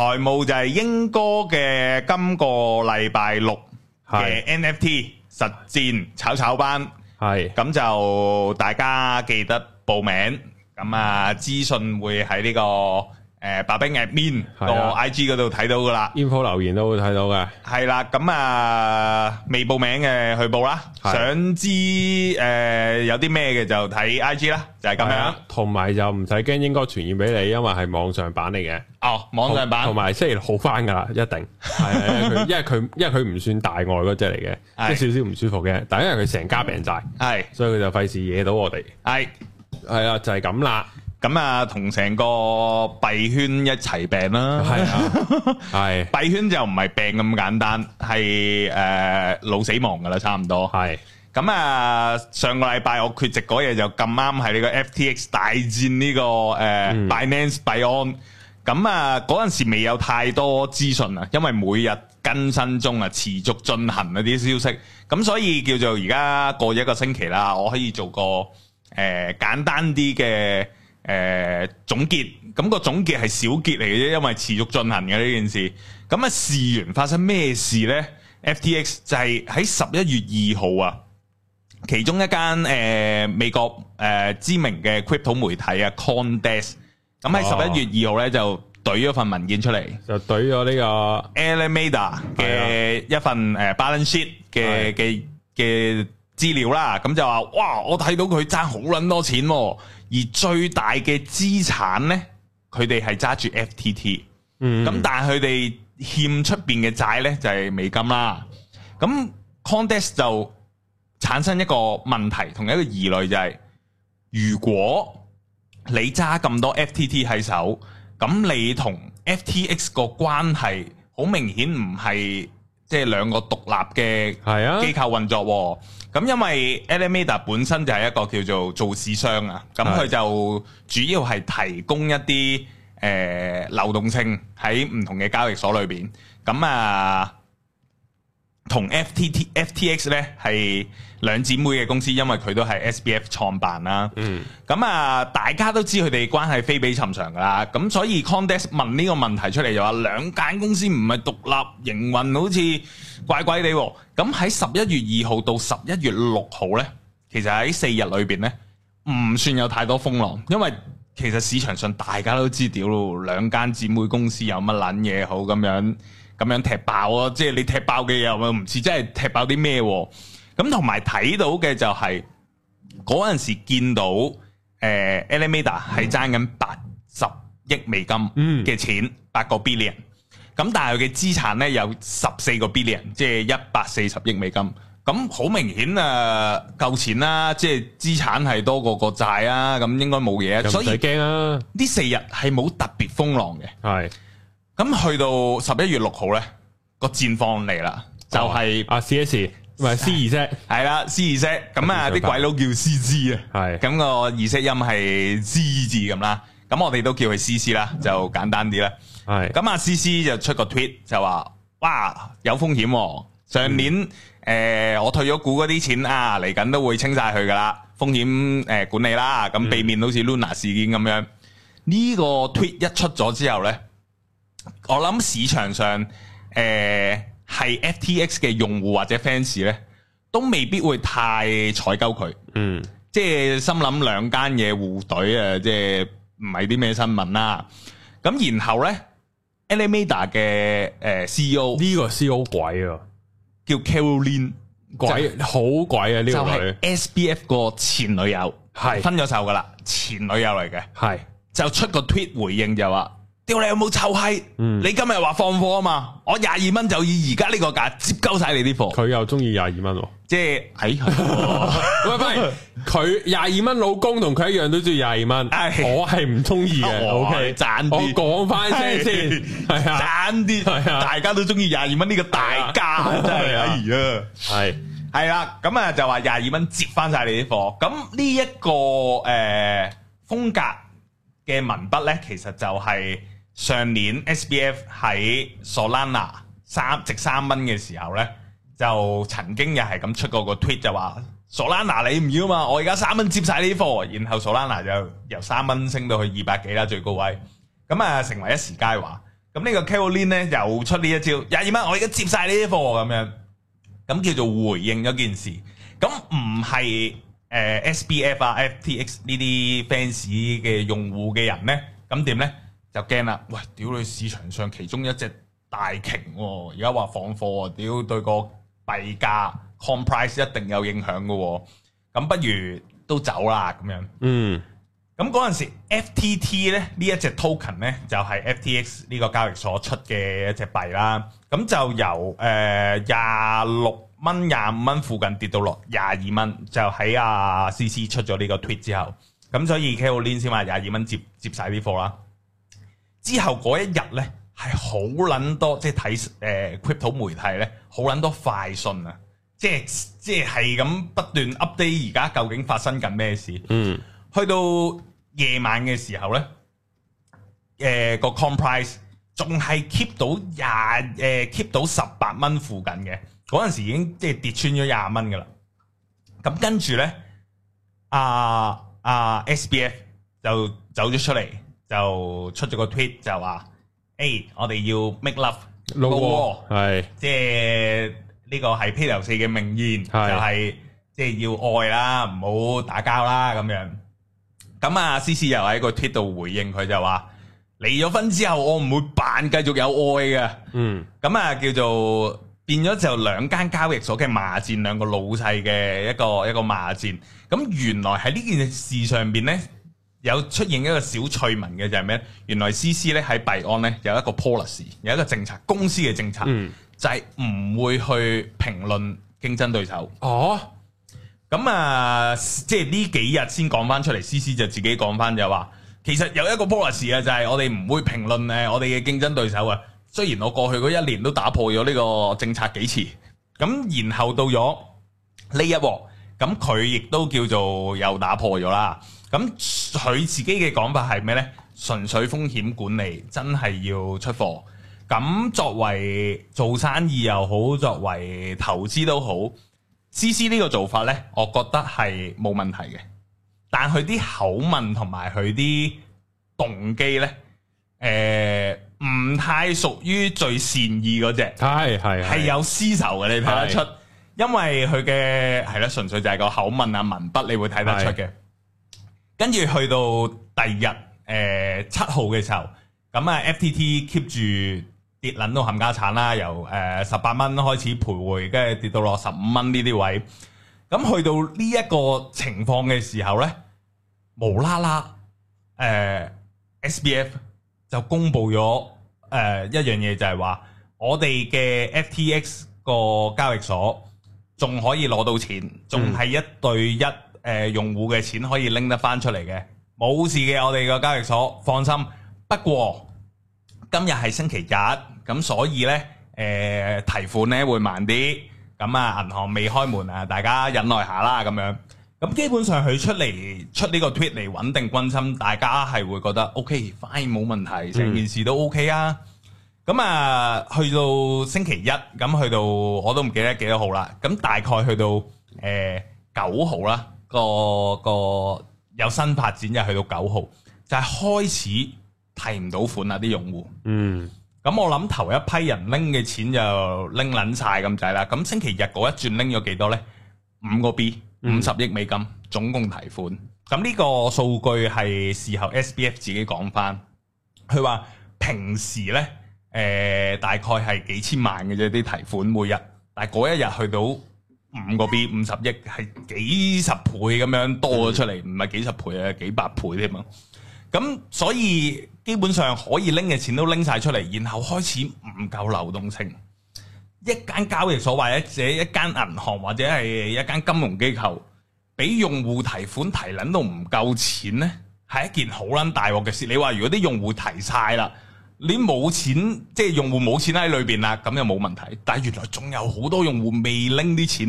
財務就係鷹哥嘅今個禮拜六嘅 NFT 實戰炒炒班，係咁就大家記得報名，咁啊資訊會喺呢個。誒，白兵嘅面我 I G 嗰度睇到噶啦 Info 留言都會睇到嘅。係啦，咁啊未報名嘅去報啦。想知誒有啲咩嘅就睇 I G 啦就、啊啊，就係咁樣。同埋就唔使驚，應該傳染俾你，因為係網上版嚟嘅 。哦，網上版同埋雖然好翻噶啦，一定係，因為佢因為佢唔算大外嗰隻嚟嘅，即少少唔舒服嘅，但係因為佢成家病晒、啊，係的， 所以佢就費事惹到我哋。係，係啊，就係咁啦。咁啊，同成個幣圈一齊病啦，係啊，係幣圈就唔係病咁簡單，係誒腦死亡噶啦，差唔多係。咁啊，上個禮拜我缺席嗰日就咁啱喺呢個 FTX 大戰呢個誒 Binance Beyond，咁啊嗰陣時未有太多資訊啊，因為每日更新中啊，持續進行嗰啲消息，咁所以叫做而家過咗一個星期啦，我可以做個誒、呃、簡單啲嘅。誒總結，咁個總結係小結嚟嘅啫，因為持續進行嘅呢件事。咁啊，事緣發生咩事咧？FTX 就係喺十一月二號啊，其中一間誒美國誒知名嘅 crypto 媒體啊，CoinDesk，咁喺十一月二號咧就懟咗份文件出嚟，就懟咗呢個 Alameda 嘅一份誒 balance sheet 嘅嘅嘅。資料啦，咁就話哇！我睇到佢爭好撚多錢喎、啊，而最大嘅資產呢，佢哋係揸住 F T T，嗯，咁但係佢哋欠出邊嘅債呢，就係、是、美金啦。咁 Condes 就產生一個問題，同一個疑慮就係、是，如果你揸咁多 F T T 喺手，咁你同 F T X 個關係好明顯唔係即係兩個獨立嘅係啊機構運作喎、啊。咁因為 Alameda 本身就係一個叫做做市商啊，咁佢就主要係提供一啲誒、呃、流動性喺唔同嘅交易所裏邊，咁啊。同 FTT、FTX 咧係兩姊妹嘅公司，因為佢都係 SBF 創辦啦。嗯，咁啊，大家都知佢哋關係非比尋常噶啦。咁所以 CoinDesk 問呢個問題出嚟就話兩間公司唔係獨立營運，好似怪怪地喎。咁喺十一月二號到十一月六號咧，其實喺四日裏邊咧，唔算有太多風浪，因為其實市場上大家都知屌囉，兩間姊妹公司有乜撚嘢好咁樣。咁樣踢爆啊！即係你踢爆嘅嘢，又唔似真係踢爆啲咩、啊？咁同埋睇到嘅就係嗰陣時見到誒，Alameda 係爭緊八十億美金嘅錢，八、嗯、個 billion。咁但係佢嘅資產咧有十四個 billion，即係一百四十億美金。咁好明顯、呃、啊，夠錢啦！即係資產係多過國債啊！咁應該冇嘢，啊、所以唔驚啊！呢四日係冇特別風浪嘅，係。咁去到十一月六號咧，個戰況嚟啦，就係阿 C S 唔係 C 二息，係啦 C 二息。咁啊啲鬼佬叫 C C 啊，係咁個二息音係 C 字咁啦。咁我哋都叫佢 C C 啦，就簡，簡單啲啦。係咁阿 C C 就出個 tweet 就話，哇，有風險、啊。上年誒、嗯呃、我退咗股嗰啲錢啊，嚟緊都會清晒佢噶啦，風險誒、呃、管理啦，咁避免好似 Luna 事件咁樣。呢個 tweet 一出咗之後咧。我諗市場上誒係、呃、FTX 嘅用戶或者 fans 咧，都未必會太採購佢。嗯，即係心諗兩間嘢互懟啊，即係唔係啲咩新聞啦、啊。咁然後咧 Alameda 嘅誒 CEO 呢個 CEO 鬼啊，叫 Caroline 鬼好、啊、鬼啊呢個女，SBF 個前女友係是分咗手噶啦，前女友嚟嘅係就出個 tweet 回應就話。要你有冇臭閪？你今日話放貨啊嘛？我廿二蚊就以而家呢個價接鳩晒你啲貨。佢又中意廿二蚊，即係哎喂喂，佢廿二蚊老公同佢一樣都中意廿二蚊。我係唔中意嘅。O K，賺啲，我講翻先先，係賺啲，大家都中意廿二蚊呢個大價，真係啊！係係啦，咁啊就話廿二蚊接翻晒你啲貨。咁呢一個誒風格嘅文筆咧，其實就係。上年 SBF 喺 Solana 三值三蚊嘅時候咧，就曾經又係咁出過個 tweet，就話 Solana 你唔要啊嘛，我而家三蚊接晒呢啲貨，然後 Solana 就由三蚊升到去二百幾啦最高位，咁啊成為一時佳話。咁呢個 Caroline 咧又出呢一招廿二蚊，我而家接晒呢啲貨咁樣，咁叫做回應咗件事。咁唔係誒 SBF 啊 FTX 呢啲 fans 嘅用戶嘅人咧，咁點咧？就驚啦！喂，屌你市場上其中一隻大鯨喎、哦，而家話放貨啊、哦！屌對個幣價 coin price 一定有影響噶喎、哦，咁不如都走啦咁樣。嗯，咁嗰陣時 FTT 咧呢一隻 token 呢，就係、是、FTX 呢個交易所出嘅一隻幣啦。咁就由誒廿六蚊、廿五蚊附近跌到落廿二蚊，就喺阿、啊、CZ 出咗呢個 tweet 之後，咁所以 Caroline 先話廿二蚊接接曬啲貨啦。之後嗰一日咧係好撚多，即係睇誒 crypto 媒體咧，好撚多快訊啊！即係即係係咁不斷 update 而家究竟發生緊咩事。嗯，去到夜晚嘅時候咧，誒個 coin price 仲係 keep 到廿誒 keep 到十八蚊附近嘅，嗰陣時已經即係跌穿咗廿蚊㗎喇。咁跟住咧，啊啊 SBF 就走咗出嚟。就出咗個 tweet 就話，誒，我哋要 make love，係，即係呢個係《披頭四》嘅名言，就係即係要愛啦，唔好打交啦咁樣。咁啊，CC 又喺個 tweet 度回應佢就話，離咗婚之後，我唔會扮繼續有愛嘅。嗯，咁啊，叫做變咗就兩間交易所嘅罵戰，兩個老細嘅一個一個罵戰。咁原來喺呢件事上邊咧。有出現一個小趣聞嘅就係咩？原來 C C 咧喺幣安咧有一個 policy，有一個政策，公司嘅政策就係唔會去評論競爭對手。嗯、哦，咁啊，即係呢幾日先講翻出嚟，C C 就自己講翻就話，其實有一個 policy 啊，就係我哋唔會評論誒我哋嘅競爭對手啊。雖然我過去嗰一年都打破咗呢個政策幾次，咁然後到咗呢一鑊，咁佢亦都叫做又打破咗啦。咁佢自己嘅講法係咩呢？純粹風險管理，真係要出貨。咁作為做生意又好，作為投資都好，CZ 呢個做法呢，我覺得係冇問題嘅。但佢啲口吻同埋佢啲動機呢，誒、呃、唔太屬於最善意嗰隻。係係係有私仇嘅，你睇得出。是因為佢嘅係啦，純粹就係個口吻啊文筆，你會睇得出嘅。跟住去到第二日，誒，七號嘅時候，咁啊，FTT keep 住跌撚到冚家產啦，由誒十八蚊開始徘徊，跟住跌到落十五蚊呢啲位。咁去到呢一個情況嘅時候咧，無啦啦，誒 SBF 就公布咗誒一樣嘢，就係話我哋嘅 FTX 個交易所仲可以攞到錢，仲係一對一。誒用戶嘅錢可以拎得翻出嚟嘅，冇事嘅。我哋個交易所放心。不過今日係星期日，咁所以呢誒提款呢會慢啲。咁啊，銀行未開門啊，大家忍耐下啦。咁樣咁基本上佢出嚟出呢個 tweet 嚟穩定軍心，大家係會覺得 OK，反應冇問題，成件事都 OK 啊。咁啊，去到星期一，咁去到我都唔記得幾多號啦。咁大概去到誒九號啦。個個有新發展，就去到九號，就係開始提唔到款啦！啲用戶，嗯，咁我諗頭一批人拎嘅錢就拎撚晒咁滯啦。咁星期日嗰一轉拎咗幾多呢？五個 B，五十億美金總共提款。咁呢、嗯、個數據係事後 SBF 自己講翻，佢話平時呢，誒、呃、大概係幾千萬嘅啫啲提款每日，但係嗰一日去到，五個 B 五十億係幾十倍咁樣多咗出嚟，唔係幾十倍啊，幾百倍添嘛。咁所以基本上可以拎嘅錢都拎晒出嚟，然後開始唔夠流動性。一間交易所或者一間銀行或者係一間金融機構，俾用戶提款提捻都唔夠錢呢，係一件好捻大鑊嘅事。你話如果啲用戶提晒啦，你冇錢，即係用戶冇錢喺裏邊啦，咁又冇問題。但係原來仲有好多用戶未拎啲錢，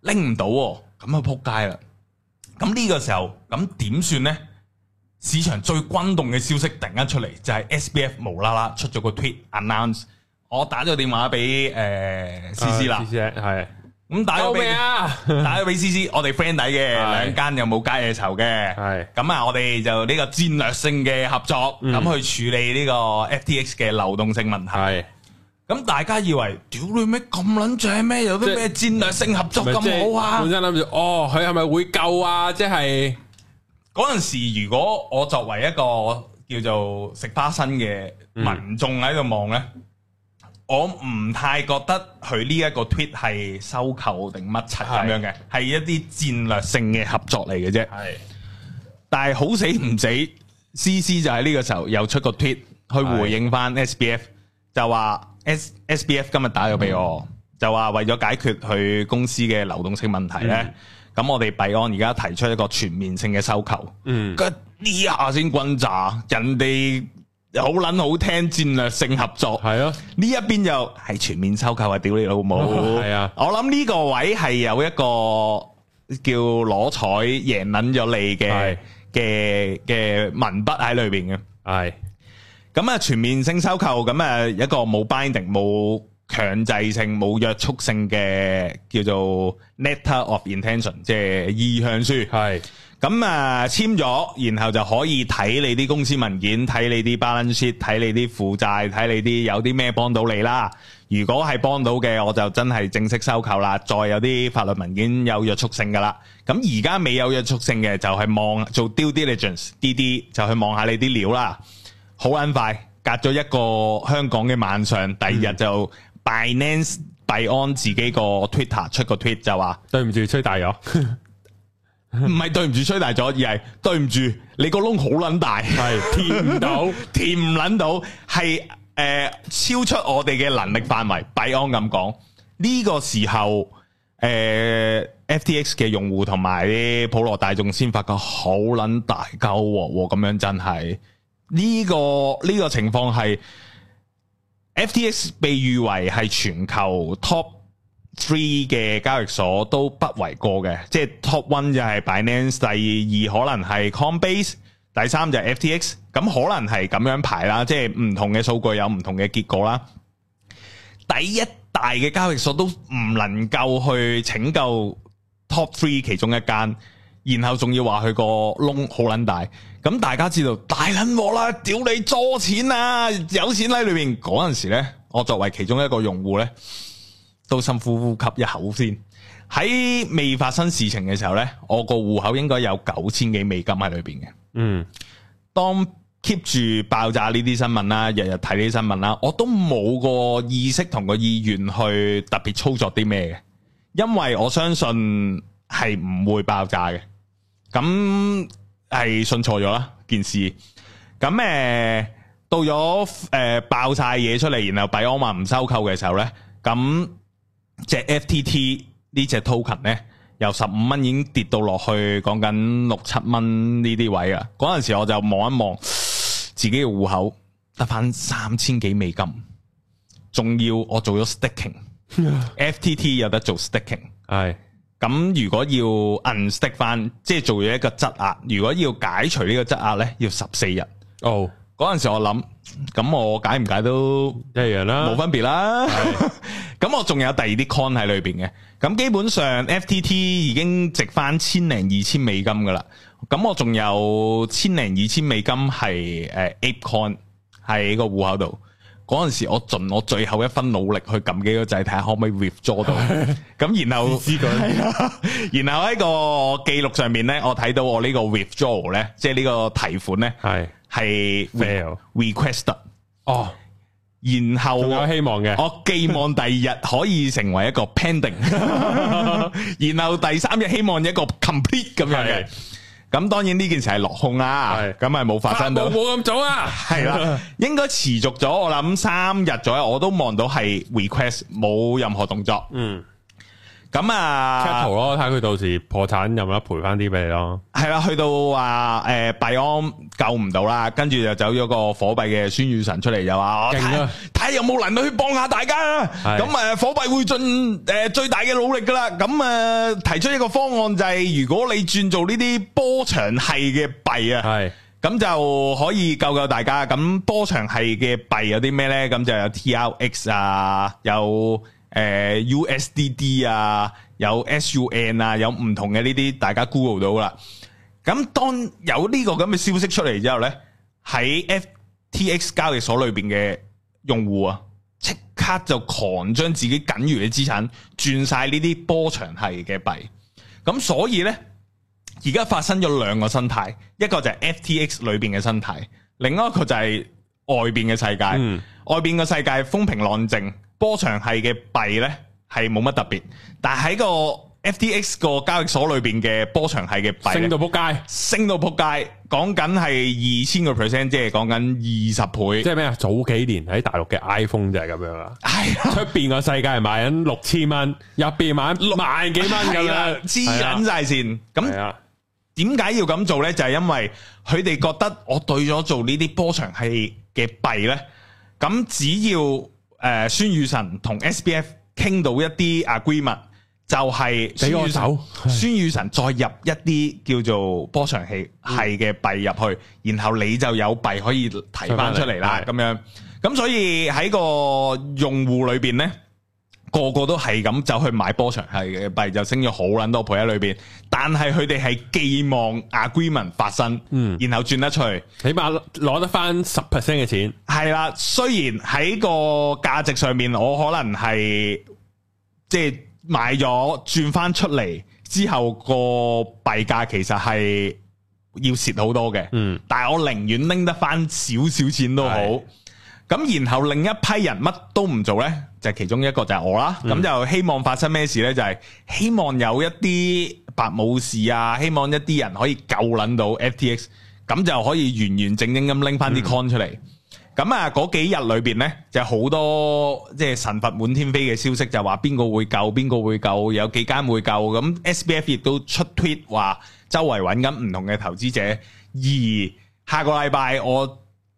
拎唔到、哦，咁啊撲街啦！咁呢個時候，咁點算呢？市場最轟動嘅消息突然間出嚟，就係、是、SBF 無啦啦出咗個 tweet announce，我打咗個電話俾誒 CC 啦，係、呃。詩詩咁打咗俾，打咗俾 C C，我哋 friend 底嘅兩間又冇家嘢仇嘅，係咁啊！我哋就呢個戰略性嘅合作咁去處理呢個 FTX 嘅流動性問題。係咁，大家以為屌你咩咁撚正咩？有啲咩戰略性合作咁好啊？本身諗住，哦，佢係咪會救啊？即係嗰陣時，如果我作為一個叫做食花生嘅民眾喺度望咧。我唔太覺得佢呢一個 tweet 係收購定乜柒咁樣嘅，係是一啲戰略性嘅合作嚟嘅啫。係是，但係好死唔死，CC 就喺呢個時候又出個 tweet 去回應翻 SBF，是就話 SBF 今日打咗俾我，嗯、就話為咗解決佢公司嘅流動性問題呢咁、嗯、我哋幣安而家提出一個全面性嘅收購。嗯，咁呢下先轟炸人哋。好撚好聽，戰略性合作係咯，呢一邊又係全面收購啊！屌你老母，係啊！我諗呢個位係有一個叫攞彩贏撚咗你嘅嘅嘅文筆喺裏邊嘅，係。咁啊，全面性收購，咁啊一個冇 binding 冇強制性冇約束性嘅叫做 letter of intention，即係意向書，係。咁啊、嗯，簽咗，然後就可以睇你啲公司文件，睇你啲 balance sheet，睇你啲負債，睇你啲有啲咩幫到你啦。如果係幫到嘅，我就真係正式收購啦。再有啲法律文件有約束性噶啦。咁而家未有約束性嘅，就係、是、望做 due diligence DD，就去望下你啲料啦。好撚快，隔咗一個香港嘅晚上，第二日就 Binance b 幣安、嗯、自己個 Twitter 出個 tweet 就話：對唔住，吹大咗。 唔係對唔住吹大咗，而係對唔住你個窿好撚大，係是填唔到， 填唔捻到，係誒、呃、超出我哋嘅能力範圍。幣安咁講呢個時候，誒、呃、F T X 嘅用戶同埋啲普羅大眾先發覺好撚大鳩、啊，咁樣真係呢、這個呢、這個情況係 F T X 被譽為係全球 top。Three 嘅交易所，都不為過嘅，即係 top one 就係 Binance，第二,二可能係 Coinbase，第三就係 FTX，咁可能係咁樣排啦。即係唔同嘅數據有唔同嘅結果啦。第一大嘅交易所都唔能夠去拯救 top three 其中一間，然後仲要話佢個窿好撚大。咁大家知道大撚鑊啦，屌你咗錢啊，有錢喺裏面。嗰陣時咧，我作為其中一個用戶呢。都深呼呼吸一口先。喺未發生事情嘅時候呢，我個戶口應該有九千幾美金喺裏邊嘅。嗯，當 keep 住爆炸呢啲新聞啦，日日睇呢啲新聞啦，我都冇個意識同個意願去特別操作啲咩嘅，因為我相信係唔會爆炸嘅。咁係信錯咗啦件事。咁誒、呃，到咗誒、呃、爆晒嘢出嚟，然後幣安話唔收購嘅時候呢。咁。隻 FTT 呢隻 token 呢，由十五蚊已經跌到落去，講緊六七蚊呢啲位啊！嗰陣時我就望一望自己嘅戶口，得翻三千幾美金，仲要我做咗 staking Yeah.。FTT 有得做 staking，係咁如果要 unstake 翻，即係做咗一個質押，如果要解除呢個質押呢，要十四日。哦、oh，嗰陣時我諗。咁我解唔解都一樣啦，冇分別啦。咁我仲有第二啲 coin 喺裏邊嘅。咁基本上 FTT 已經值翻千零二千美金噶啦。咁我仲有千零二千美金係誒 Ape Coin 喺個戶口度。嗰陣時我盡我最後一分努力去撳幾個掣，睇下可唔可以 withdraw 到。咁然後知佢，然後喺個記錄上面咧，我睇到我呢個 withdraw 咧，即係呢個提款咧係係 fail，requested 哦，然後仲有希望嘅，我、哦、寄望第二日可以成為一個 pending， 然後第三日希望一個 complete 咁樣嘅，咁是當然呢件事係落空啦，咁咪冇發生到，冇咁早啊，係 啦，應該持續咗我諗三日左右，我都望到係 request 冇任何動作，嗯。咁啊，睇圖咯，睇佢到時破產有冇得賠翻啲俾你咯。係啦，去到話誒幣安救唔到啦，跟住就走咗個火幣嘅孫宇晨出嚟，又話睇下有冇能力去幫下大家啦。咁誒，火幣會盡誒最大嘅努力噶啦。咁誒，提出一個方案就係如果你轉做呢啲波長系嘅幣啊，係咁就可以救救大家。咁波長系嘅幣有啲咩咧？咁就有 TRX 啊，有。誒、呃、，USDD 啊，有 SUN 啊，有唔同嘅呢啲，大家 Google 到啦。咁當有呢個咁嘅消息出嚟之後呢，喺 FTX 交易所裏邊嘅用戶啊，即刻就狂將自己僅餘嘅資產轉晒呢啲波場系嘅幣。咁所以呢，而家發生咗兩個生態，一個就係 FTX 裏邊嘅生態，另外一個就係外邊嘅世界。嗯、外邊嘅世界風平浪靜。波場系嘅幣咧係冇乜特別，但係喺個 FTX 個交易所裏邊嘅波場系嘅幣升到撲街，升到撲街，講緊係二千個 percent，即係講緊二十倍，即係咩啊？早幾年喺大陸嘅 iPhone 就係咁樣啦，係出邊個世界賣緊六千蚊，入邊買六萬幾蚊咁樣，黐緊晒線。咁點解要咁做咧？就係、是、因為佢哋覺得我對咗做長呢啲波場系嘅幣咧，咁只要。誒，孫、呃、宇晨同 S B F 傾到一啲啊，agreement 就係俾我手，孫宇晨再入一啲叫做波場係係嘅幣入去，然後你就有幣可以提翻出嚟啦，咁吧是樣，咁所以喺個用戶裏邊咧。個個都係咁走去買波場，係嘅幣就升咗好撚多倍喺裏邊。但係佢哋係寄望 agreement 發生，嗯、然後轉得出嚟，起碼攞得翻十 percent 嘅錢。係啦，雖然喺個價值上面，我可能係即係買咗轉翻出嚟之後，個幣價其實係要蝕好多嘅。嗯，但係我寧願拎得翻少少錢都好。咁的然後另一批人乜都唔做呢？就其中一個就係我啦，咁就希望發生咩事呢？就係希望有一啲白武士啊，希望一啲人可以救撚到 FTX，咁就可以完完整整咁拎翻啲 coin 出嚟。咁啊，嗰幾日裏邊呢就好多即係神佛滿天飛嘅消息，就話邊個會救，邊個會救，有幾間會救。咁 SBF 亦都出 tweet 話，周圍揾緊唔同嘅投資者。而下個禮拜我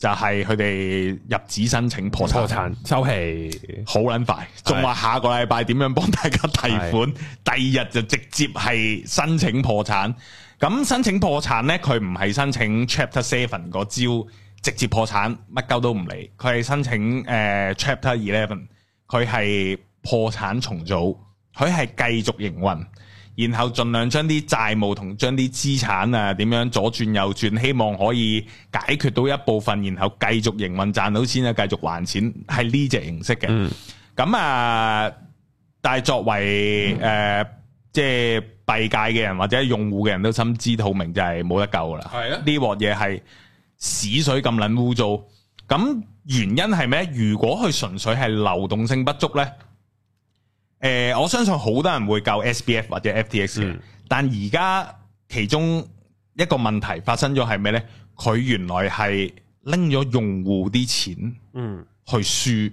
就係佢哋入紙申請破產，破產收皮好撚快，仲話是下個禮拜點樣幫大家提款，是第二日就直接係申請破產。咁申請破產咧，佢唔係申請 Chapter Seven 嗰招，直接破產乜鳩都唔理。佢係申請誒、uh, Chapter Eleven，佢係破產重組，佢係繼續營運。然後盡量將啲債務同將啲資產啊，點樣左轉右轉，希望可以解決到一部分，然後繼續營運賺到錢啊，繼續還錢，係呢隻形式嘅。咁啊、嗯嗯，但係作為誒即係幣界嘅人或者用戶嘅人都心知肚明就，就係冇得救噶啦。係啊，呢鑊嘢係屎水咁撚污糟。咁、嗯、原因係咩？如果佢純粹係流動性不足咧？誒、呃，我相信好多人會救 SBF 或者 FTX，嗯、但而家其中一個問題發生咗係咩呢？佢原來係拎咗用戶啲錢去輸，嗯，去輸，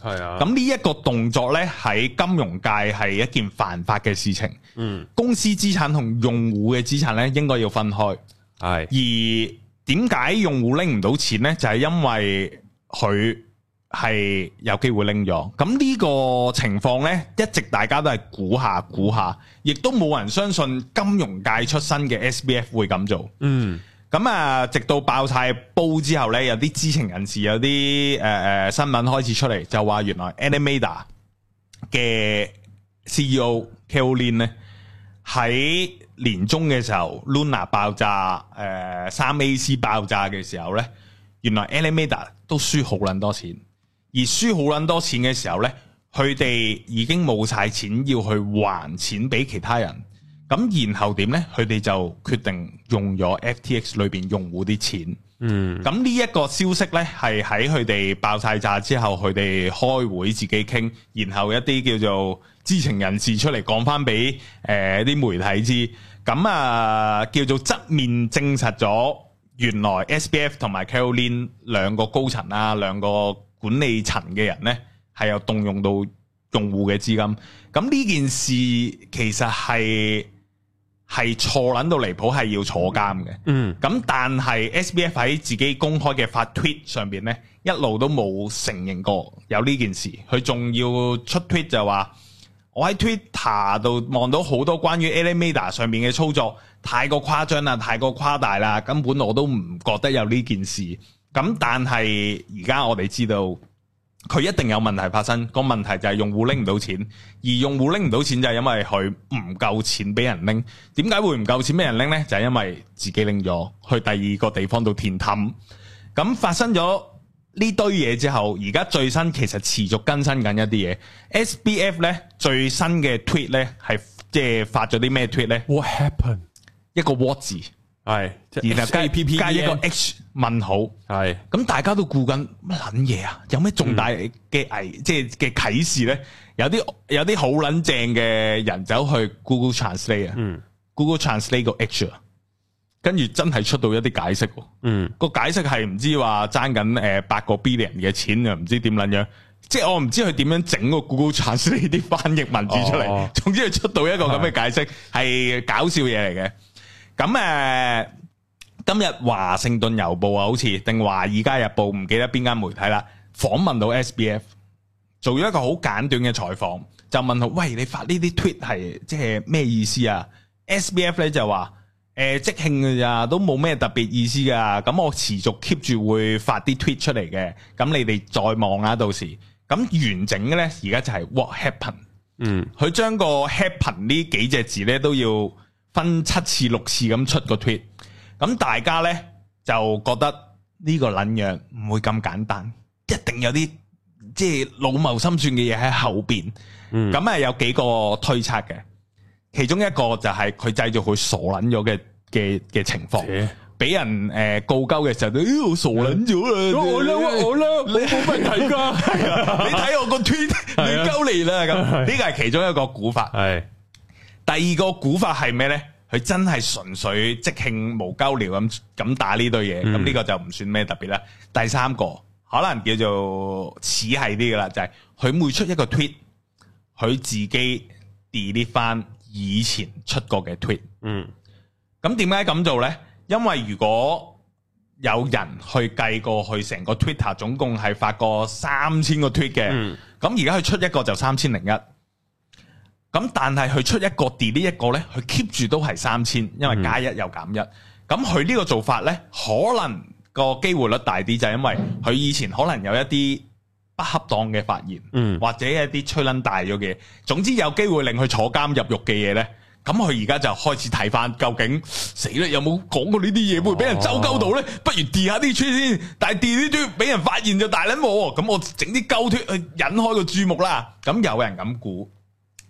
係啊。咁呢一個動作呢，喺金融界係一件犯法嘅事情，嗯，公司資產同用戶嘅資產呢，應該要分開，係。嗯、而點解用戶拎唔到錢呢？就係、是、因為佢。係有機會拎咗，咁呢個情況咧，一直大家都係估下估下，亦都冇人相信金融界出身嘅 SBF 會咁做。嗯，咁啊，直到爆晒煲之後咧，有啲知情人士，有啲誒誒新聞開始出嚟，就話原來 Alameda 嘅 CEO Caroline 呢喺年中嘅時候 Luna 爆炸，誒、呃、三 AC 爆炸嘅時候咧，原來 Alameda 都輸好捻多錢。而輸好撚多錢嘅時候呢，佢哋已經冇晒錢，要去還錢俾其他人。咁然後點呢？佢哋就決定用咗 FTX 裏邊用戶啲錢。嗯，咁呢一個消息呢，係喺佢哋爆晒炸之後，佢哋開會自己傾，然後一啲叫做知情人士出嚟講翻俾誒啲媒體知。咁啊，叫做側面證實咗原來 SBF 同埋 Caroline 兩個高層啊，兩個。管理層嘅人呢，係有動用到用戶嘅資金，咁呢件事其實係係錯捻到離譜，係要坐監嘅。嗯，咁但係 SBF 喺自己公開嘅發 tweet 上邊呢，一路都冇承認過有呢件事，佢仲要出 tweet 就話，我喺 Twitter 度望到好多關於 Alameda 上面嘅操作太過誇張啦，太過誇大啦，根本我都唔覺得有呢件事。咁但係而家我哋知道佢一定有問題發生，個問題就係用戶拎唔到錢，而用戶拎唔到錢就係因為佢唔夠錢俾人拎。點解會唔夠錢俾人拎呢？就係因為自己拎咗去第二個地方度填氹。咁發生咗呢堆嘢之後，而家最新其實持續更新緊一啲嘢，S B F 呢，最新嘅 tweet 呢，係即係發咗啲咩 tweet 呢？What happened，一個 what 字。係，然後加 P P 加一個 H 問號，係是，咁大家都顧緊乜捻嘢啊？有咩重大嘅危，嗯、即係嘅啟示咧？有啲有啲好捻正嘅人走去 Google Translate、嗯、Google Translate 啊，Google Translate 個 H，跟住真係出到一啲解釋，嗯，個解釋係唔知話爭緊誒八個 billion 嘅錢啊，唔知點捻樣，即係我唔知佢點樣整個 Google Translate 啲翻譯文字出嚟，哦、總之佢出到一個咁嘅解釋係是搞笑嘢嚟嘅。咁誒、呃，今日華盛頓郵報啊，好似定華爾街日報，唔記得邊間媒體啦，訪問到 S B F，做咗一個好簡短嘅採訪，就問佢：喂，你發呢啲 tweet 係即係咩意思啊？S B F 咧就話：誒、呃，即興噶咋，都冇咩特別意思噶。咁我持續 keep 住會發啲 tweet 出嚟嘅。咁你哋再望下到時咁完整嘅咧，而家就係 what happened？嗯，佢將個 happen 呢幾隻字咧都要。分七次六次咁出個推，咁大家咧就覺得呢個捻樣唔會咁簡單，一定有啲即係老謀深算嘅嘢喺後邊。咁啊、嗯、有幾個推測嘅，其中一個就係佢製造佢傻捻咗嘅嘅嘅情況，俾人誒告鳩嘅時候，咦傻捻咗啦！我撈、嗯啊、我撈，我我你冇問題噶， 你睇我個推， 你鳩嚟啦咁。呢個係其中一個估法。第二個估法係咩呢？佢真係純粹即興無交流咁咁打呢堆嘢，咁呢、嗯、個就唔算咩特別啦。第三個可能叫做似係啲噶啦就係、是、佢每出一個 tweet 佢自己 delete 翻以前出過嘅 tweet 嗯，咁點解咁做呢？因為如果有人去計過去成個 Twitter 總共係發過三千個 tweet 嘅，咁而家佢出一個就三千零一。咁但係佢出一個跌呢一個咧，佢 keep 住都係三千，因為加一又減一。咁佢呢個做法咧，可能個機會率大啲，就係、是、因為佢以前可能有一啲不恰當嘅發言，嗯、或者一啲吹撚大咗嘅，總之有機會令佢坐監入獄嘅嘢咧。咁佢而家就開始睇翻究竟死啦，有冇講過呢啲嘢會俾人周鳩到咧？啊、不如跌下啲穿先，但係跌啲穿俾人發現就大撚我，咁我整啲鳩脫去引開個注目啦。咁有人咁估。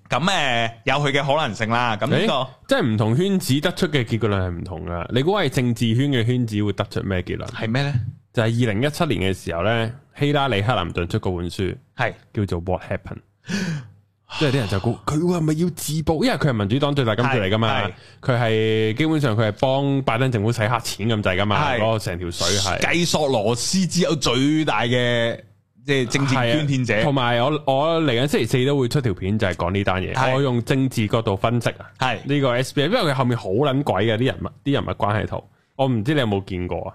咁誒、呃，有佢嘅可能性啦。咁呢、這個、欸、即係唔同圈子得出嘅結論係唔同噶。你估係政治圈嘅圈子會得出咩結論？係咩咧？就係二零一七年嘅時候咧，希拉里克林頓出嗰本書係是叫做 What《What Happened 》唉，即係啲人就估佢係咪要自曝？因為佢係民主黨最大金主嚟噶嘛，佢係基本上佢係幫拜登政府洗黑錢咁滯噶嘛，嗰是個成條水係繼索羅斯之後最大嘅。即係政治捐獻者、啊，同埋我我嚟緊星期四都會出條片就，就係講呢單嘢。我用政治角度分析是啊，係呢個 SBF，啊、因為佢後面好卵鬼嘅啲人物啲人物關係圖，我唔知你有冇見過啊？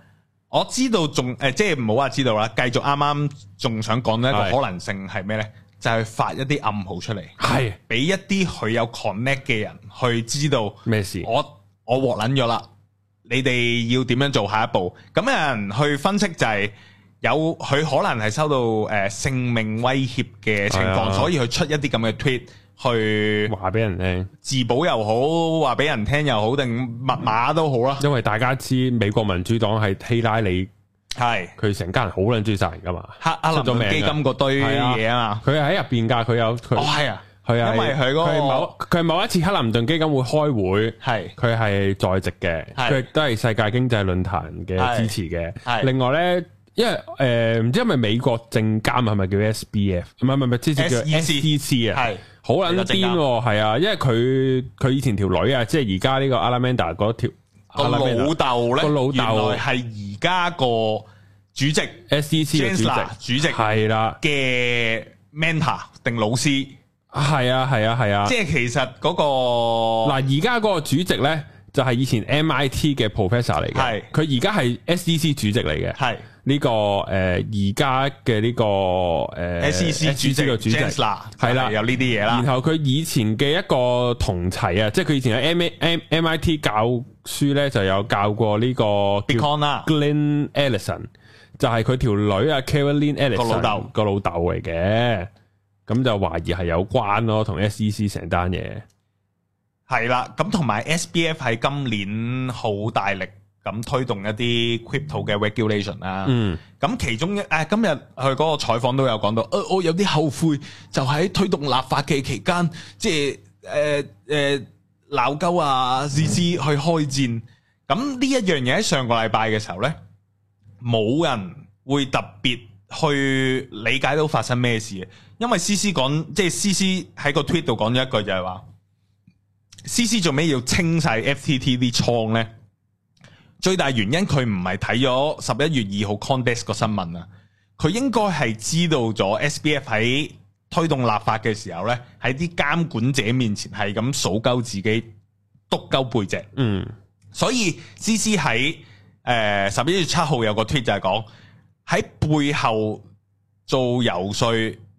我知道仲誒，即係唔好話知道啦。繼續啱啱仲想講一個可能性係咩咧？是啊、就係發一啲暗號出嚟，係俾是、啊、一啲佢有 connect 嘅人去知道咩事。我我鑊撚咗啦，你哋要點樣做下一步？咁有人去分析就係、是。有佢可能係收到誒性命威脅嘅情況，所以佢出一啲咁嘅 tweet 去話俾人聽，自保又好，話俾人聽又好，定密碼都好啦。因為大家知美國民主黨係希拉里係佢成家人好撚支持人噶嘛，克林頓基金嗰堆嘢啊嘛，佢喺入邊㗎，佢有佢。哦，係啊，係啊，因為佢嗰個佢某一次克林頓基金會開會，係佢係在席嘅，佢都係世界經濟論壇嘅支持嘅。另外呢。因為誒唔、呃、知係咪美國證監係咪叫 S.B.F？唔係唔係，即係叫 S.E.C.C 啊，係好撚癲係啊！因為佢佢以前條女啊，即係而家呢個阿拉曼達嗰條個老豆咧，個老豆係而家個主席，就是、s e 是 c 嘅主席主席係啦嘅 mentor 定老師係啊係啊係啊！即係其實嗰個嗱，而家個主席咧就係以前 M.I.T 嘅 professor 嚟嘅，係佢而家係 S.E.C 主席嚟嘅，係。呢、這個誒而家嘅呢個誒、呃、SEC 主席嘅主席啦，係啦 Gensler 了，有呢啲嘢啦。然後佢以前嘅一個同齊啊，即係佢以前喺 M M, MIT 教書咧，就有教過呢個 Glen Ellison 就係佢條女啊 Caroline Ellison 個老豆個老豆嚟嘅，咁就懷疑係有關咯，同 SEC 成單嘢係啦。咁同埋 SBF 喺今年好大力。咁推動一啲 crypto 嘅 regulation 啦、嗯、咁、啊、其中一，誒、啊、今日佢嗰個採訪都有講到，誒、呃、我有啲後悔，就喺推動立法嘅期間，即係誒誒鬧鳩啊，CC、嗯、去開戰，咁呢一樣嘢喺上個禮拜嘅時候咧，冇人會特別去理解到發生咩事嘅，因為 CC 講，即係 CC 喺個 Twitter 度講咗一句就係話，CC 做咩要清晒 FTT 啲倉咧？最大原因佢唔係睇咗十一月二號 CoinDesk 個新聞啊，佢應該係知道咗 S B F 喺推動立法嘅時候呢，喺啲監管者面前係咁數鳩自己，督鳩背脊。嗯，所以 C C 喺誒十一月七號有個 tweet 就係講喺背後做遊說。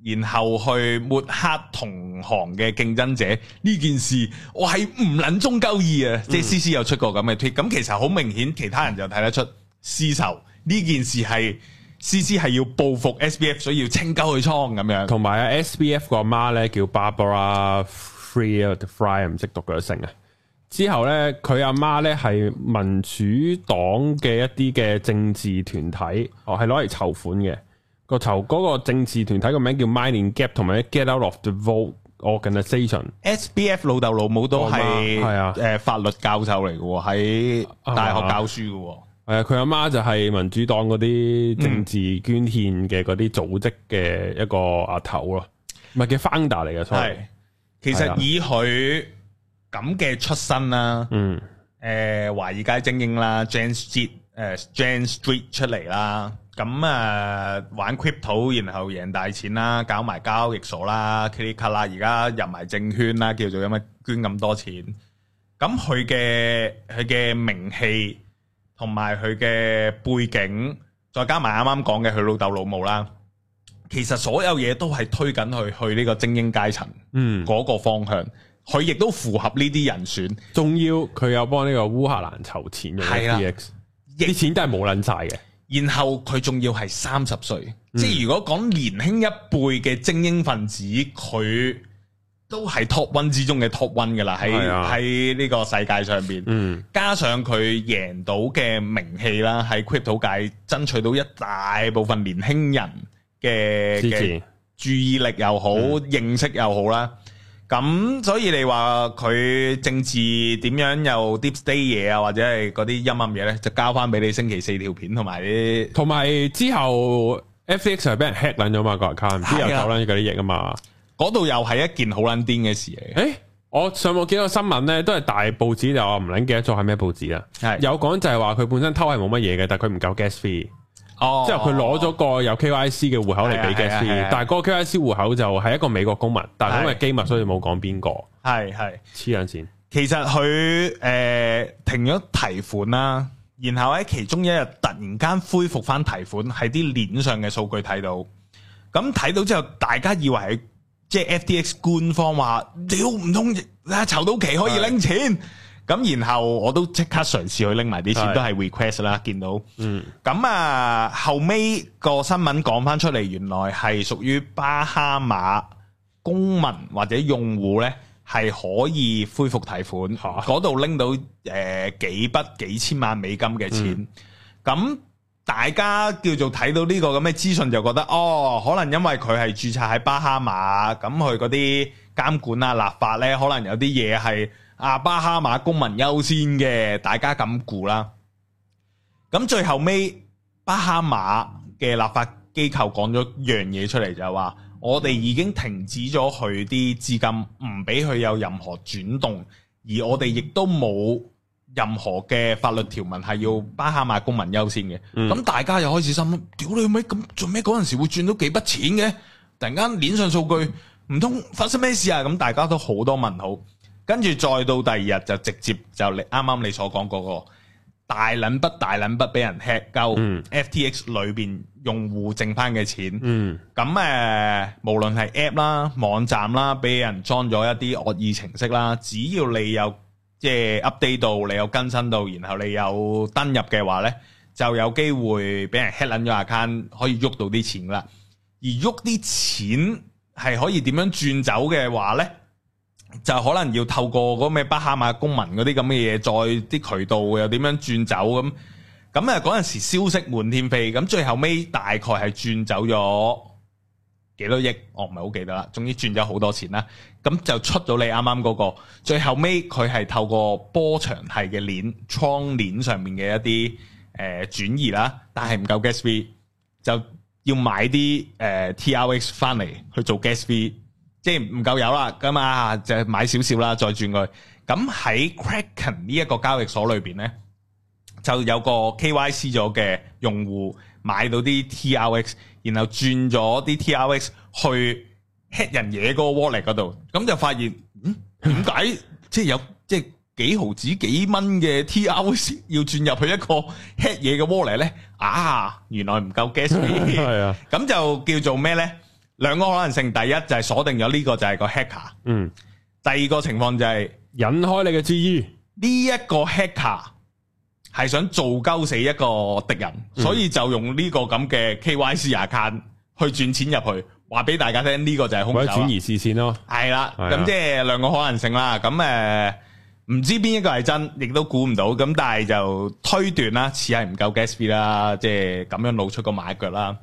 然後去抹黑同行嘅競爭者呢件事我，我係唔諗中鳩意啊！即係 C C 有出過咁嘅貼，咁其實好明顯，其他人就睇得出私仇呢件事係 C C 係要報復 S B F，所以要清鳩去倉咁樣。同埋啊，S f 媽媽 B F 個媽咧叫 Barbara Freer Fry，唔識讀個姓啊。之後咧，佢阿媽咧係民主黨嘅一啲嘅政治團體，哦係攞嚟籌款嘅。個頭嗰個政治團體個名叫 Mining Gap 同埋 Get Out of the Vote Organization，SBF 老豆老母都係係啊，誒法律教授嚟嘅喎，喺大學教書嘅喎，係啊，佢阿媽就係民主黨嗰啲政治捐獻嘅嗰啲組織嘅一個阿頭咯，唔係、嗯、叫 founder 嚟嘅，所以其實以佢咁嘅出身啦，嗯，誒華爾街精英啦，Jane Street 誒 Jane Street 出嚟啦。咁啊，玩 crypto 然後贏大錢啦，搞埋交易所啦、Kak 啦，而家入埋證券啦，叫做咁啊捐咁多錢。咁佢嘅佢嘅名氣同埋佢嘅背景，再加埋啱啱講嘅佢老豆老母啦，其實所有嘢都係推緊佢去呢個精英階層，嗯，嗰個方向，佢亦、嗯、都符合呢啲人選，仲要佢有幫呢個烏克蘭籌錢，係啦了，啲也錢都係冇捻晒嘅。然後佢仲要係三十歲，即係如果講年輕一輩嘅精英分子，佢都係 top one 之中嘅 top one 噶啦，喺喺呢個世界上邊，加上佢贏到嘅名氣啦，喺 crypto 界爭取到一大部分年輕人嘅嘅 City. 注意力又好， 認識又好啦。咁、嗯、所以你話佢政治點樣又 deep stay 嘢啊，或者係嗰啲陰暗嘢咧，就交翻俾你星期四條片同埋。同埋之後 FTX 係俾人 hack 撚咗嘛？個 account 啲人走咗啲嘢啊嘛。嗰度又係一件好撚癲嘅事嚟。誒、欸，我上網個見到新聞咧，都係大報紙，就我唔撚記得咗係咩報紙啦。係的有講就係話佢本身偷係冇乜嘢嘅，但係佢唔夠 gas fee。哦，之後佢攞咗個有 KYC 嘅戶口嚟俾嘅先，是啊是啊，但係嗰個 KYC 戶口就係一個美國公民，是啊、但係因為機密所以冇講邊個。係係黐眼線。其實佢誒、呃、停咗提款啦，然後喺其中一日突然間恢復翻提款，喺啲鏈上嘅數據睇到。咁睇到之後，大家以為係即係 FTX 官方話，屌唔通啊籌到期可以拎錢。是啊。咁然後我都即刻嘗試去拎埋啲錢，都係 request 啦。見到，咁啊後尾個新聞講翻出嚟，原來係屬於巴哈馬公民或者用戶呢，係可以恢復提款。嗰度拎到誒幾筆幾千萬美金嘅錢。咁大家叫做睇到呢個咁嘅資訊，就覺得哦，可能因為佢係註冊喺巴哈馬，咁佢嗰啲監管啊、立法呢，可能有啲嘢係。阿、啊、巴哈馬公民優先嘅，大家咁估啦。咁最後尾，巴哈馬嘅立法機構講咗樣嘢出嚟就係話，我哋已經停止咗佢啲資金，唔俾佢有任何轉動，而我哋亦都冇任何嘅法律條文係要巴哈馬公民優先嘅。咁、嗯、大家又開始心諗，屌你咪咁做咩嗰陣時會轉到幾筆錢嘅？突然間鏈上數據唔通發生咩事啊？咁大家都好多問號。跟住再到第二日就直接就你啱啱你所講嗰個大撚筆大撚筆俾人吃夠，F T X 裏邊用戶剩翻嘅錢，咁誒、嗯呃、無論係 App 啦、網站啦，俾人裝咗一啲惡意程式啦，只要你有即係 update 到，你有更新到，然後你有登入嘅話咧，就有機會俾人吃撚咗 account，可以喐到啲錢啦。而喐啲錢係可以點樣轉走嘅話咧？就可能要透過嗰咩巴哈馬公民嗰啲咁嘅嘢，再啲渠道又點樣轉走咁？咁啊嗰陣時消息滿天飛，咁最後尾大概係轉走咗幾多億？我唔係好記得啦。總之轉咗好多錢啦。咁就出到你啱啱嗰個。最後尾佢係透過波場係嘅鏈窗鏈上面嘅一啲誒、呃、轉移啦，但係唔夠 gas fee，就要買啲誒 trx 翻嚟去做 gas fee。即係唔夠油啦，咁啊，就係買少少啦，再轉佢。咁喺 Kraken 呢一個交易所裏邊咧，就有個 KYC 咗嘅用戶買到啲 TRX，然後轉咗啲 TRX 去 hit 人嘢嗰個 wallet 嗰度，咁就發現，嗯，點解即係有即係幾毫紙幾蚊嘅 TRX 要轉入去一個 hit 嘢嘅 wallet 咧？啊，原來唔夠 gas，係啊，咁就叫做咩咧？兩個可能性，第一就係鎖定咗呢個就係個 hacker，嗯。第二個情況就係、是、引開你嘅注意，呢一個 hacker 係想做鳩死一個敵人，嗯、所以就用呢個咁嘅 KYC account 去轉錢入去，話俾大家聽呢個就係兇手。為轉移視線咯，係啦了。咁即係兩個可能性啦。咁誒，唔、呃、知邊一個係真，亦都估唔到。咁但係就推斷啦，似係唔夠 gaspy 啦，即係咁樣露出個馬腳啦。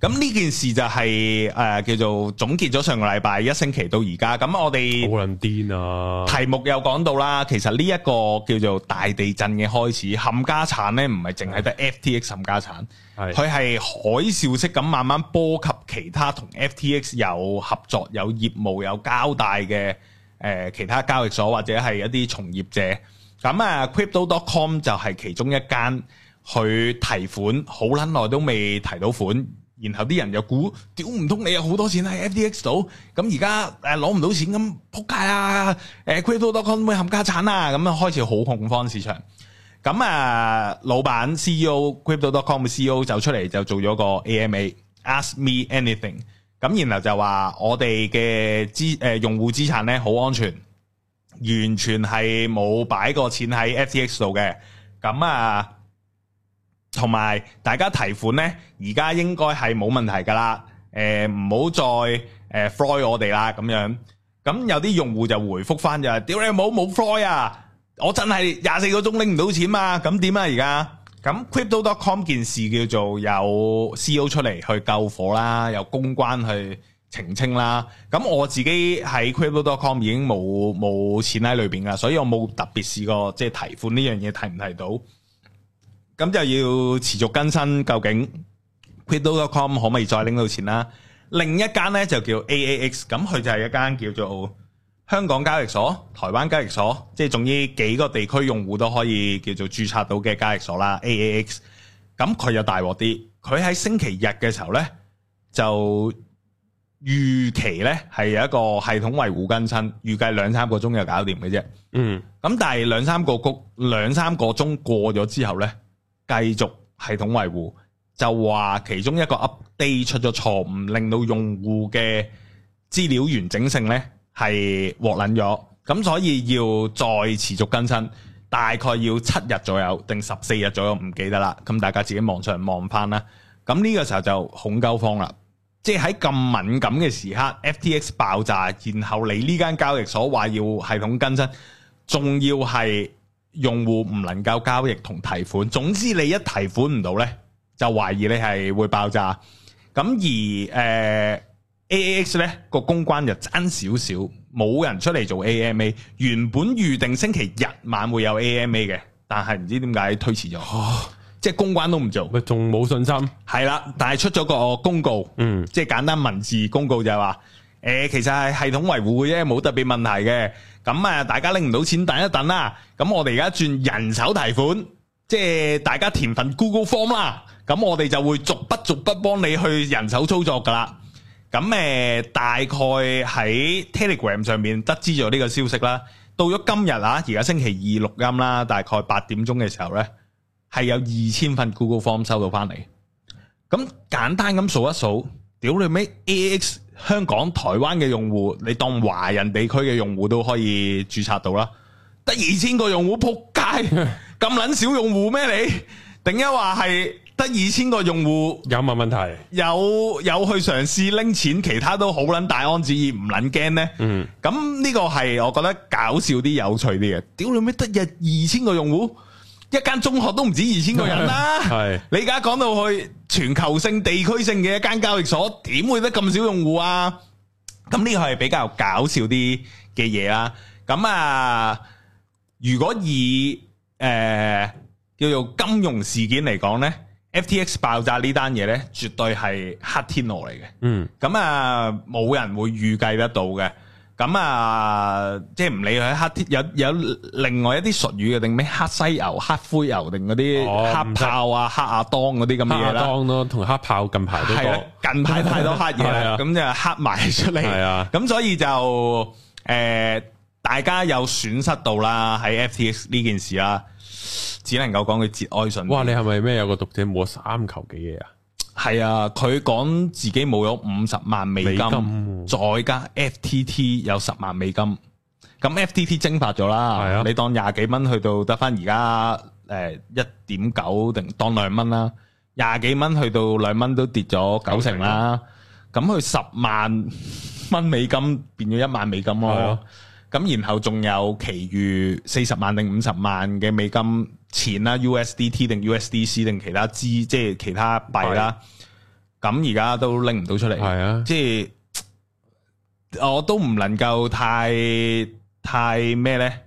咁呢件事就係誒叫做總結咗上個禮拜一星期到而家，咁我哋好捻癲啊！題目又講到啦，其實呢一個叫做大地震嘅開始。冚家產咧唔係淨係得 FTX 冚家產，係佢係海嘯式咁慢慢波及其他同 FTX 有合作、有業務、有交代嘅誒其他交易所或者係一啲從業者。咁啊，Crypto.com 就係其中一間去提款，好捻耐都未提到款。然後啲人又估，屌唔通你有好多錢喺 FTX 度，咁而家誒攞唔到錢咁撲街啊！誒 Crypto.com 會冚家產啊！咁開始好恐慌市場。咁啊，老闆 CEO Crypto.com 嘅 CEO 走出嚟就做咗個 AMA，Ask Me Anything。咁然後就話我哋嘅資誒用戶資產咧好安全，完全係冇擺過錢喺 FTX 度嘅。咁啊～同埋大家提款呢，而家應該係冇問題噶啦。誒唔好再誒 fly 我哋啦咁樣。咁、嗯、有啲用戶就回覆翻就話：屌你冇冇 fly 啊！我真係廿四個鐘拎唔到錢啊。咁點啊？而家咁、啊嗯、crypto.com 件事叫做有 C.O 出嚟去救火啦，有公關去澄清啦。咁、嗯、我自己喺 crypto.com 已經冇冇錢喺裏邊噶，所以我冇特別試過即係提款呢樣嘢提唔提到。咁就要持續更新，究竟 crypto.com 可唔可以再拎到錢啦？另一間咧就叫 AAX，咁佢就係一間叫做香港交易所、台灣交易所，即係總之幾個地區用戶都可以叫做註冊到嘅交易所啦。AAX，咁佢又大鑊啲，佢喺星期日嘅時候咧就預期咧係有一個系統維護更新，預計兩三個鐘就搞掂嘅啫。嗯，咁但係兩三個谷兩三個鐘過咗之後咧。繼續系統維護，就話其中一個 update 出咗錯誤，令到用戶嘅資料完整性呢係獲捻咗，咁所以要再持續更新，大概要七日左右定十四日左右，唔記得啦，咁大家自己望出嚟望翻啦。咁呢個時候就恐高慌啦，即係喺咁敏感嘅時刻，FTX 爆炸，然後你呢間交易所話要系統更新，仲要係。用戶唔能夠交易同提款，總之你一提款唔到呢，就懷疑你係會爆炸。咁而誒、呃、AAX 呢個公關就爭少少，冇人出嚟做 AMA。原本預定星期日晚會有 AMA 嘅，但係唔知點解推遲咗，哦、即係公關都唔做，咪仲冇信心。係啦，但係出咗個公告，嗯，即係簡單文字公告就係話，誒、呃、其實係系統維護嘅啫，冇特別問題嘅。咁啊，大家拎唔到錢等一等啦。咁我哋而家轉人手提款，即係大家填份 Google Form 啦。咁我哋就會逐筆逐筆幫你去人手操作噶啦。咁誒，大概喺 Telegram 上面得知咗呢個消息啦。到咗今日啊，而家星期二錄音啦，大概八點鐘嘅時候呢，係有二千份 Google Form 收到翻嚟。咁簡單咁數一數，屌你咩 AAX？香港、台灣嘅用戶，你當華人地區嘅用戶都可以註冊到啦，得二千個用戶，仆街咁撚 少用戶咩？你定一話係得二千個用戶有冇問題？有有去嘗試拎錢，其他都好撚大安旨意，唔撚驚呢。嗯，咁呢個係我覺得搞笑啲、有趣啲嘅。屌你咩得日二千個用戶？一間中學都唔止二千個人啦，啊，係 是你而家講到去全球性、地區性嘅一間交易所，點會得咁少用戶啊？咁呢個係比較搞笑啲嘅嘢啦。咁，嗯、啊，嗯，如果以誒、呃、叫做金融事件嚟講呢 FTX 爆炸，呢單嘢呢，絕對係黑天鵝嚟嘅。嗯，咁啊，嗯，冇人會預計得到嘅。咁啊，即係唔理佢黑天，有有另外一啲術語嘅，定咩黑犀牛、黑灰牛定嗰啲黑炮啊、黑阿當嗰啲咁嘅嘢啦。黑當咯，同黑炮近排都係。係啦，近排太多黑嘢啦，咁就黑埋出嚟。係啊，咁所以就誒，大家有損失到啦，喺 FTX 呢件事啦，只能夠講佢節哀順變。哇！你係咪咩有個讀者冇三球嘅嘢啊？係啊，佢講自己冇咗五十萬美金，美金再加 FTT 有十萬美金。咁 FTT 蒸發咗啦，係啊、你當廿幾蚊去到得返而家誒一點九定當兩蚊啦。廿幾蚊去到兩蚊都跌咗九成啦。咁佢十萬蚊美金變咗一萬美金咯。咁係、啊、然後仲有其餘四十萬定五十萬嘅美金。錢啦，USDT 定 USDC 定其他資，即係其他幣啦。咁而家都拎唔到出嚟，係啊，即係我都唔能夠太太咩咧，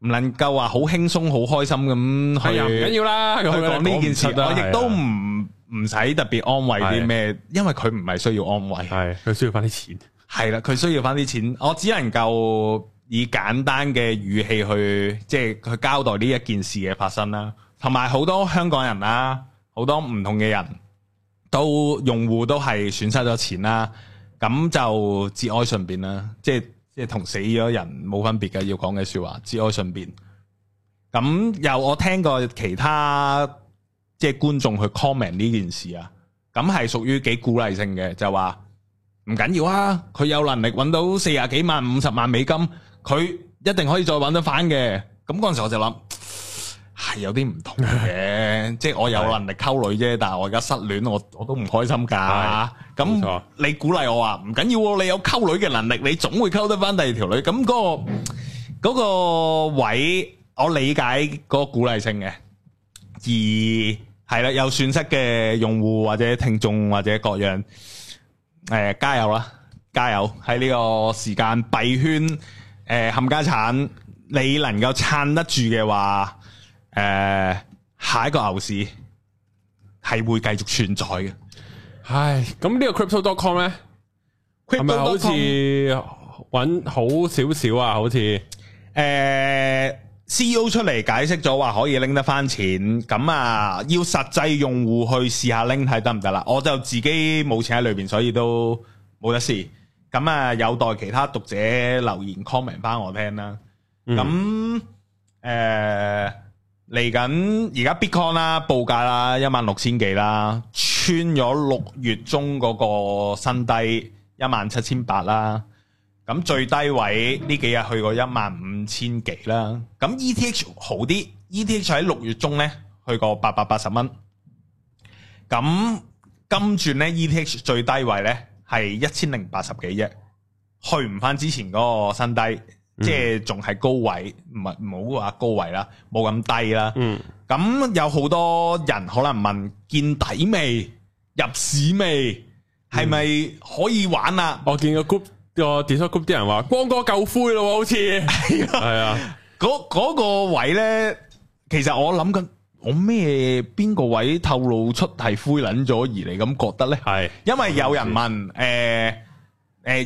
唔能夠話好輕鬆好開心咁去。係啊，唔緊要啦，去講呢件事，啊、我亦都唔唔使特別安慰啲咩，因為佢唔係需要安慰，係佢需要翻啲錢，係啦，佢需要翻啲錢，我只能夠。以簡單嘅語氣去，即係去交代呢一件事嘅發生啦。同埋好多香港人啦、啊，好多唔同嘅人都用戶都係損失咗錢啦、啊。咁就節哀順變啦，即係即係同死咗人冇分別嘅。要講嘅説話，節哀順變。咁又我聽過其他即係觀眾去 comment 呢件事啊，咁係屬於幾鼓勵性嘅，就話唔緊要啊。佢有能力揾到四廿幾萬、五十萬美金。佢一定可以再揾得翻嘅，咁嗰陣時我就諗係有啲唔同嘅，即係我有能力溝女啫，但係我而家失戀，我我都唔開心噶。咁你鼓勵我話，唔緊要，你有溝女嘅能力，你總會溝得翻第二條女。咁嗰個嗰個位，我理解嗰個鼓勵性嘅。而係啦，有損失嘅用戶或者聽眾或者各樣，誒加油啦，加油！喺呢個時間閉圈。誒，冚家鏟，你能夠撐得住嘅話，誒，下一個牛市係會繼續存在嘅。唉，咁呢個 crypto.com 咧，係咪好似穩好少少啊？好似誒，CEO 出嚟解釋咗話可以拎得翻錢，咁啊，要實際用戶去試下拎睇得唔得啦。我就自己冇錢喺裏邊，所以都冇得試。咁啊，有待其他讀者留言 comment 翻我聽啦。咁誒嚟緊，而家、呃、Bitcoin 啦，報價啦，一萬六千幾啦，穿咗六月中嗰個新低一萬七千八啦。咁最、e、最低位呢幾日去過一萬五千幾啦。咁 ETH 好啲，ETH 喺六月中咧去過八百八十蚊。咁今轉咧 ETH 最低位咧。係一千零八十幾億，去唔翻之前嗰個新低，嗯、即係仲係高位，唔係唔好話高位啦，冇咁低啦。咁、嗯、有好多人可能問見底未，入市未，係咪可以玩啊、嗯？我見個 group 個 discussion 啲人話光哥夠灰咯，好似係 啊，嗰嗰、 嗰個位咧，其實我諗緊。我咩邊個位透露出係灰捻咗而嚟咁覺得咧？係是因為有人問，誒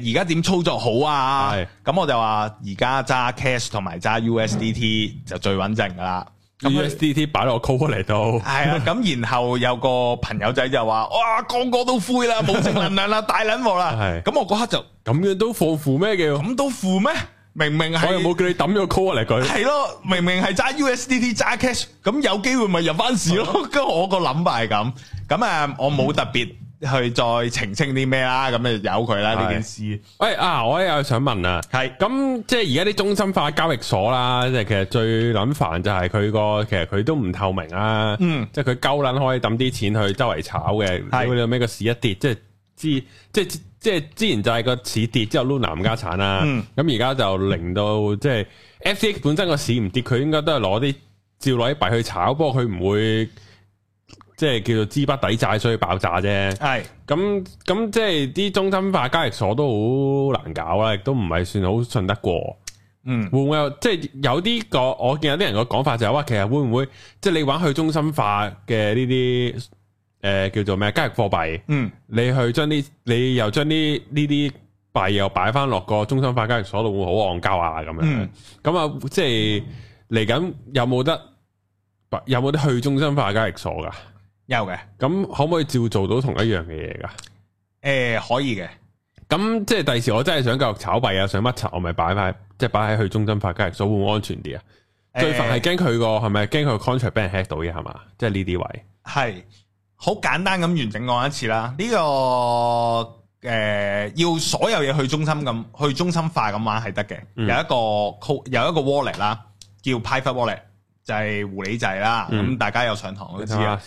誒的，而家點操作好啊？咁的我就話而家揸 cash 同埋揸 USDT 就最穩陣噶啦。USDT 擺落 c o v 嚟到，係咁。然後有個朋友仔就話：， 哇，個個都灰啦，冇正能量啦，大捻鑊啦。咁的我嗰刻就咁樣都放負咩嘅？咁都負咩？明明係，我又冇叫你抌咗個 call 嚟佢。係咯，明明係揸 USDT 揸 cash，咁有機會咪入翻市咯。跟、嗯、 我個諗法係咁，咁啊，我冇特別去再澄清啲咩啦，咁就由佢啦呢件事。喂啊，我又想問啊，係咁的即係而家啲中心化交易所啦，即係其實最諗煩就係佢個其實佢都唔透明啊。嗯，即係佢鳩撚可以抌啲錢去周圍炒嘅，睇佢你有咩個市一跌，即係知即係。即即係之前就係個市跌之後 Luna 冚家產啦，咁而家就令到即係、就是、FTX 本身個市唔跌，佢應該都係攞啲照攞啲幣去炒，不過佢唔會即係叫做資不抵債所以爆炸啫。係咁咁即係啲中心化交易所都好難搞啦，亦都唔係算好信得過。嗯會會，會唔會即係有啲個我見有啲人個講法就話、是，其實會唔會即係你玩去中心化嘅呢啲？誒、呃，叫做咩交易貨幣？貨幣嗯，你去將啲你又將啲呢啲幣又擺翻落個中心化交易所度，會好戇交啊咁樣，、嗯、樣。咁啊，即係嚟緊有冇得有冇得去中心化交易所噶？有嘅的。咁可唔可以照做到同一樣嘅嘢噶？誒、呃，可以嘅。咁即係第時我真係想繼續炒幣啊，想乜炒我咪擺翻即係擺喺去中心化交易所會安全啲啊？呃、最煩係驚佢個係咪驚佢個 contract 俾人 hack 到嘅係嘛？即係呢啲位係。是好簡單咁完整講一次啦，呢、這個誒、呃、要所有嘢去中心咁，去中心化咁玩係得嘅。有一個酷有一個 wallet 啦，叫 Private Wallet，就係狐狸仔啦。咁、嗯、大家有上堂都知啦。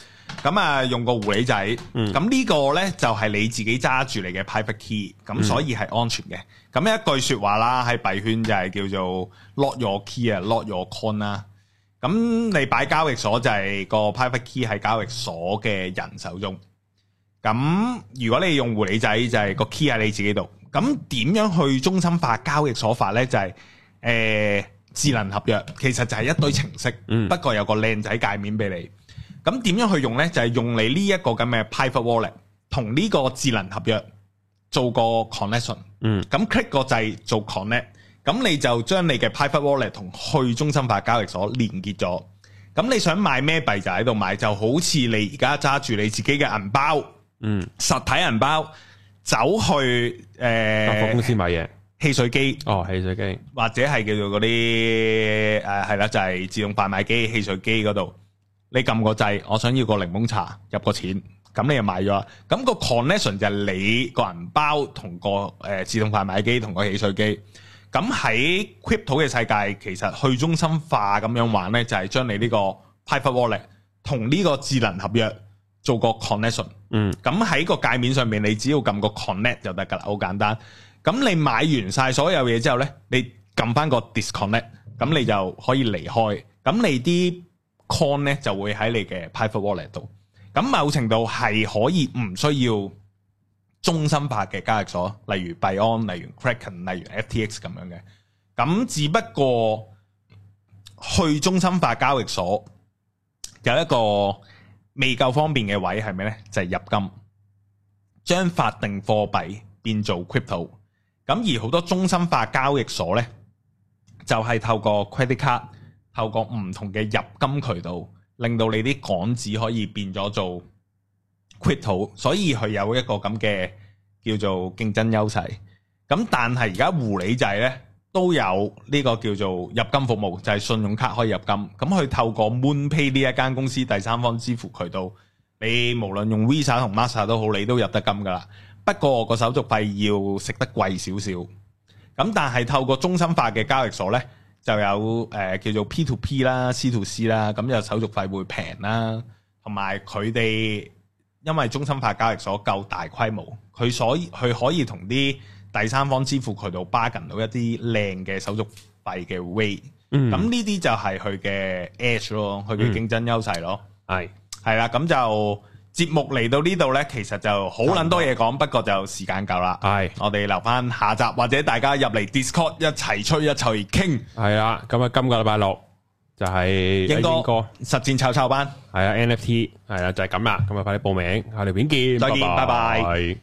咁啊、嗯、用個狐狸仔，咁、嗯、呢個咧就係、是、你自己揸住你嘅 Private Key，咁所以係安全嘅。咁、嗯、一句説話啦，喺幣圈就係叫做 lock your key，lock 啊 your coin 啊。咁你擺交易所就係、是、個 private key 喺交易所嘅人手中。咁如果你用狐狸仔就係、是、個 key 喺你自己度。咁點樣去中心化交易所法咧？就係、是、誒、呃、智能合約，其實就係一堆程式，嗯、不過有個靚仔界面俾你。咁點樣去用咧？就係、是、用你呢一個咁嘅 private wallet 同呢個智能合約做個 connection。嗯。咁 click 個掣做 connect。咁你就將你嘅 private wallet 同去中心化交易所連結咗。咁你想買咩幣就喺度買，就好似你而家揸住你自己嘅銀包，嗯，實體銀包走去誒，百貨公司買嘢，汽水機，哦，汽水機，或者係叫做嗰啲誒係啦，就係自動販賣機、汽水機嗰度，你撳個掣，我想要個檸檬茶，入個錢，咁你就買咗。咁個 connection 就係你個銀包同個誒自動販賣機同個汽水機。咁喺 Crypto 嘅世界，其實去中心化咁樣玩呢，就係、是、將你呢個 Private Wallet 同呢個智能合約做個 Connection。嗯。咁喺個界面上面，你只要撳個 Connect 就得㗎啦，好簡單。咁你買完晒所有嘢之後呢，你撳翻個 Disconnect，咁你就可以離開。咁你啲 Coin 呢，就會喺你嘅 Private Wallet 度。咁某程度係可以唔需要中心化嘅交易所，例如幣安、例如 Kraken、例如 FTX 咁樣嘅，咁只不過去中心化交易所有一個未夠方便嘅位係咩呢？就係、是、入金，將法定貨幣變做 crypto。咁而好多中心化交易所呢，就係、是、透過 credit card，透過唔同嘅入金渠道，令到你啲港紙可以變咗做。quit 好，所以佢有一個咁嘅叫做競爭優勢。咁但係而家狐狸仔呢都有呢個叫做入金服務，就係信用卡可以入金。咁佢透過 MoonPay 呢一間公司第三方支付渠道，你無論用 Visa 同 Master 都好，你都入得金噶啦。不過個手續費要食得貴少少。咁但係透過中心化嘅交易所呢，就有誒叫做 P to P 啦、C to C 啦，咁就手續費會平啦，同埋佢哋。因為中心化交易所夠大規模，佢所以佢可以同啲第三方支付渠道 bargain 到一啲靚嘅手續費嘅 rate、嗯。咁呢啲就係佢嘅 edge 咯，佢嘅競爭優勢咯。係係啦，咁、啊、就節目嚟到呢度呢，其實就好撚多嘢講，不過就時間夠啦。係是，我哋留翻下集，或者大家入嚟 Discord 一齊吹、一齊傾。係啊，咁啊，今個禮拜六，就係鷹哥實戰炒炒班，係啊 NFT 係啊，就係咁啦，咁啊快啲報名，下條片見，再見拜拜。拜拜。